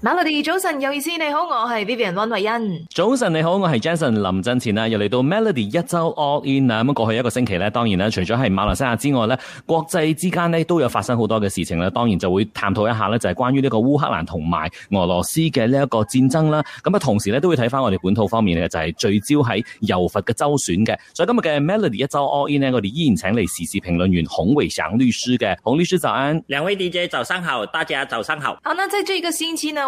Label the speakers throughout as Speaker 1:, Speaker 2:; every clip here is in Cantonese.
Speaker 1: Melody 早晨有意思，你好，我係 Vivian 温慧欣。
Speaker 2: 早晨你好，我係 Jason 林振前啊，又嚟到 Melody 一周 all in 啊，咁過去一個星期咧，當然咧除咗係馬來西亞之外咧，國際之間咧都有發生好多嘅事情啦，當然就會探討一下咧，就係關於呢個烏克蘭同埋俄羅斯嘅呢一個戰爭啦。咁啊同時咧都會睇翻我哋本土方面嘅，就係、是、聚焦喺柔佛嘅周選嘅。所以今日嘅 Melody 一周 all in 呢我哋依然請嚟時事評論員孔維祥律師嘅，孔律師就安。兩位 DJ 早上好，大家早上好。
Speaker 1: 好，呢即係呢個星期呢？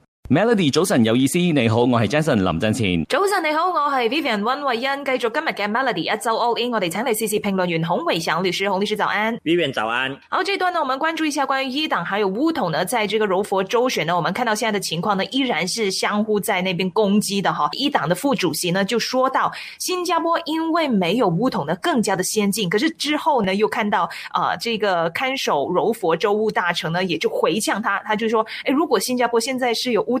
Speaker 2: Melody 早晨有意思，你好，我是 Jason 林振前。
Speaker 1: 早晨你好，我是 Vivian 溫慧欣。繼續今日嘅 Melody 一 O a in，我哋請嚟 cc 評論員洪偉祥律師，洪律師早安。Vivian 早安。好，這段呢，我們關注一下關於伊朗還有烏統呢，在這個柔佛周選呢，我們看到現在的情況呢，依然是相互在那邊攻擊的哈。伊朗的副主席呢就說到，新加坡因為沒有烏統呢，更加的先進。可是之後呢，又看到啊、呃，這個看守柔佛州務大臣呢，也就回向他，他就說，誒、哎，如果新加坡現在是有烏，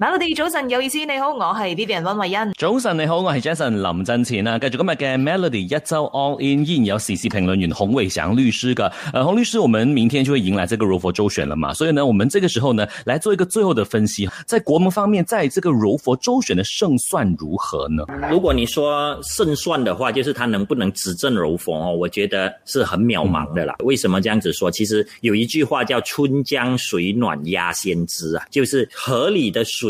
Speaker 1: Melody 早晨有意思，你好，我係呢邊嘅溫慧恩。
Speaker 2: 早晨你好，我係 Jason 林振前啊。繼續今日嘅 Melody 一周 All In In。有時事評論員洪偉祥律師的呃，洪律師，我們明天就會迎來這個柔佛州選了嘛，所以呢，我們這個時候呢，來做一個最後的分析。在國門方面，在這個柔佛州選的勝算如何呢？如果你說勝算的話，就是他能不能
Speaker 3: 執政柔佛哦，我覺得是很渺茫的啦，嗯。為什麼這樣子說？其實有一句話叫春江水暖鴨先知啊，就是河裡的水。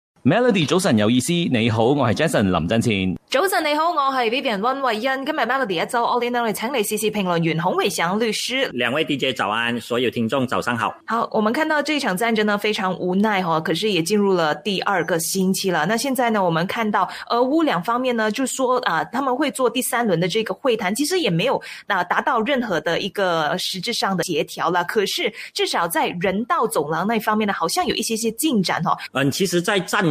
Speaker 2: Melody 早晨有意思，你好，我係 Jason 林振前。
Speaker 1: 早晨你好，我係 Vivian 溫慧欣。今日 Melody 一周，我哋呢，我哋請嚟時事評論員洪偉祥律師。兩位 DJ
Speaker 3: 早安，所有聽眾早上好。
Speaker 1: 好，我們看到這場戰爭呢，非常無奈哈，可是也進入了第二個星期了。那現在呢，我們看到俄烏兩方面呢，就說啊，他們會做第三輪的這個會談，其實也沒有啊達到任何的一個實質上的協調啦。可是至少在人道走廊那方面呢，好像有一些些進展哈。
Speaker 3: 嗯，其實，在戰